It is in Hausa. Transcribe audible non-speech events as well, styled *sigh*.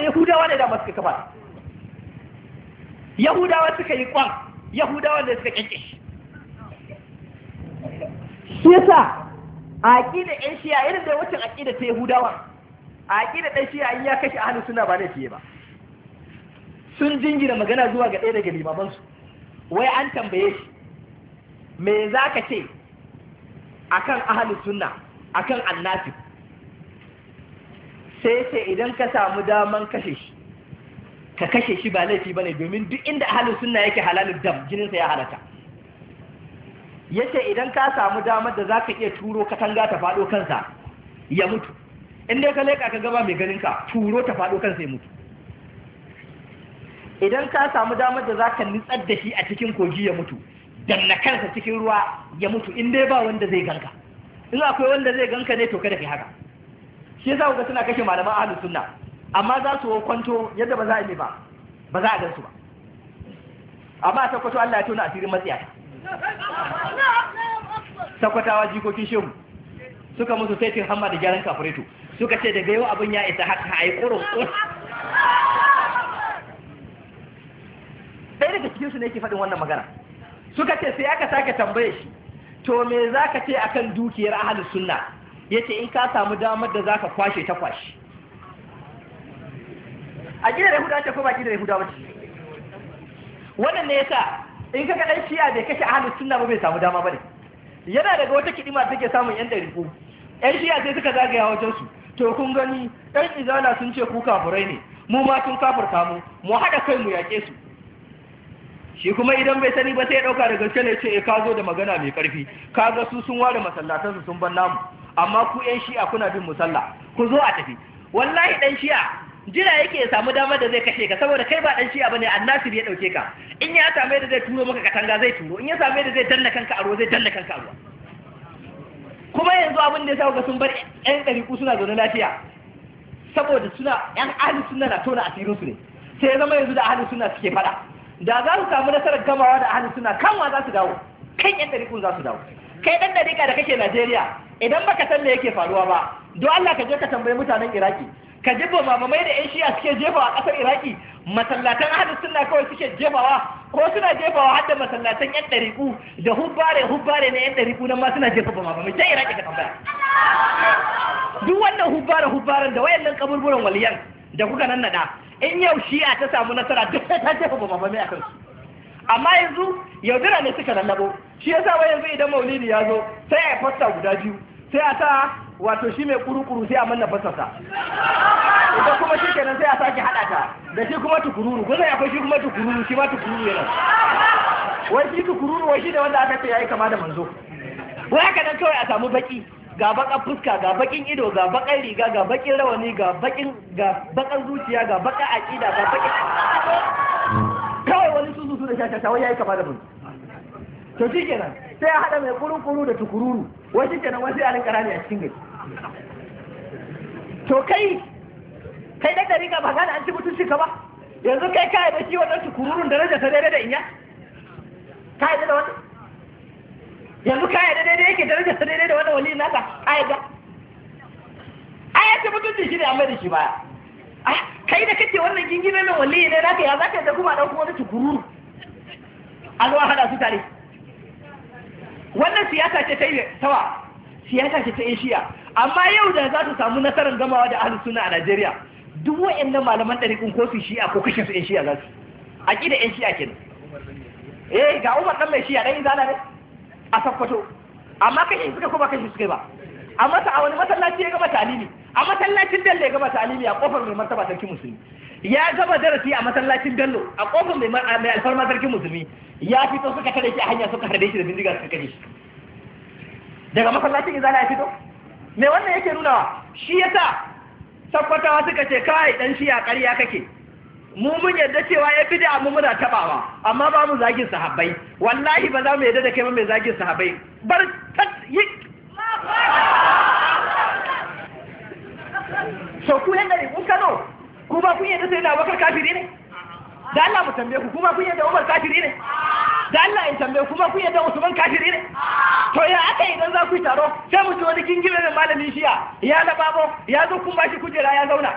wanda yahudawa ne dama suka kafa yahudawa suka yi kwan yahudawa da suka kyanke shi yasa a da ƴan shiya irin da wacce da ta yahudawa a da ɗan shiya ya kashe ahalin suna ba laifi ba sun jingina magana zuwa ga ɗaya daga limamansu wai an tambaye shi me za ka ce akan ahalin sunna akan annafi sai sai ce idan ka samu daman kashe shi ka kashe shi ba laifi ba ne domin duk inda halin sunna yake halalin dam jininsa ya halata ya ce idan ka samu damar da za ka iya turo katanga ta fado kansa ya mutu inda ka leka ka gaba mai ganin ka turo ta fado kansa ya mutu idan ka samu damar da za ka nitsar da shi a cikin kogi ya mutu danna kansa cikin ruwa ya mutu in dai ba wanda zai ganka in akwai wanda zai ganka ne to kada kai haka shi yasa ga suna kashe malaman ahalus sunna amma za su kwanto yadda ba za a yi ba ba za a gan su ba amma a kwato Allah ya tona asirin ta sakwatawa jikokin shehu suka musu saitin hamma da gyaran kafureto suka ce daga yau abin ya isa haka a yi ƙurin ɗaya daga cikinsu ne ke faɗin wannan magana suka ce sai aka sake tambaye shi to me za ka ce akan dukiyar ahalus sunna Ya ce in ka samu damar da za ka kwashe ta kwashe a gidan Yahuda ce ko ba gidan Yahuda ba ce wannan ne yasa in kaga dan shi'a bai kashe ahlus suna ba bai samu dama ne. yana daga wata kidima take samun yan dariku yan shi'a sai suka zagaya wajen su to kun gani yan izala sun ce ku kafurai ne mu ma kun kafurta mu mu haɗa kai mu yaƙe su shi kuma idan bai sani ba sai ya ɗauka da gaske ne ce eh, ka zo da magana mai ƙarfi ka ga su sun ware masallatansu sun ban namu amma ku yan shi'a kuna bin musalla ku zo a tafi wallahi ɗan shi'a jira yake samu damar da zai kashe ka saboda kai ba ɗan shi'a bane annasir ya ɗauke ka in ya samu yadda zai turo maka katanga zai turo in ya samu yadda zai danna kanka a ruwa zai danna kanka a ruwa kuma yanzu abin da ya sa sun bar yan ɗariƙu suna zaune lafiya saboda suna yan ahli suna na tona asirin su ne sai ya zama yanzu da ahli suna suke fada da za su samu nasarar gamawa da ahli suna kanwa za su dawo kan yan ɗariƙun za su dawo kai dan dariƙa da kake Najeriya idan baka san me yake faruwa ba do Allah ka je ka tambayi mutanen Iraki ka ji mamamai da 'yan shiya suke jefawa a ƙasar Iraki masallatan ahadu sunna kawai suke jefawa ko suna jefawa har da masallatan 'yan ɗariƙu da hubbare hubbare na 'yan ɗariƙu nan ma suna jefa mamamai ta Iraki ka tambaya duk wannan hubbare hubbaren da wayannan kaburburan waliyan da kuka nan nada in yau shi'a ta samu nasara duk ta jefa mamamai a kansu amma yanzu yaudara ne suka lallabo shi yasa wai yanzu idan maulidi ya zo sai a fasta guda biyu sai a sa wato shi mai kurukuru sai a manna fasarsa idan kuma shi kenan sai a sake haɗa ta da shi kuma tukururu kusa akwai shi kuma tukururu shi ma tukururu yana wai shi tukururu wai shi da wanda aka ce yayi kama da manzo wai haka nan kawai a samu baki ga bakan fuska ga bakin ido ga bakan riga ga bakin rawani ga bakin ga bakan zuciya ga bakan aƙida ga bakin shashasha ya yi kama da mun to shi kenan sai a haɗa mai kurukuru da tukururu wai shi kenan wasu sai a rinka a cikin gari to kai kai da dariƙa ba gane an ci mutunci ka ba yanzu kai ka da shi wannan tukururun da rage daidai da inya ka yarda da wannan yanzu ka da daidai yake da rage daidai da wannan wali naka ka da? ai ya ci mutunci shi ne amma da shi baya ah, kai da kake wannan gingime mai wali ne naka ya zaka yarda kuma dan kuma wani tukururu a zuwa hada su tare wannan siyasa ce ta yi tawa siyasa ce ta ishiya amma yau da za su samu nasarar gamawa da ahlus Suna a Najeriya duk nan malaman ɗariƙin ko su shi'a ko kashe su ishiya za su a da ƴan ke kenan eh ga Umar dan mai ɗan yi zana ne a Sokoto amma kashe suka kuma kashe suka ba a masa a wani masallaci ya gama talimi a masallacin dalle ya gama talimi a kofar mai martaba sarki musulmi ya gaba darasi a masallacin Bello a kofar mai mai alfarma sarkin musulmi ya fito suka tare shi a hanya suka harbe shi da bindiga suka kare shi daga masallacin izana ya fito me wannan yake nunawa shi yasa tabbatawa suka ce kai dan shi ya ƙarya kake mu mun yadda cewa ya fi da mu muna tabawa amma ba mu zagin sahabbai wallahi ba za mu yadda da kai ba mai zagin sahabbai bar yi *laughs* so ku yan ne kun kano ku ba kun yadda sai na kafiri ne da Allah mu tambaye ku kuma kun yadda Umar kafiri ne da Allah in tambaye kuma kun yadda Usman kafiri ne to ya aka idan za ku yi taro sai mu ci wani gingime mai malamin shiya ya ba ya zo kun bashi kujera ya zauna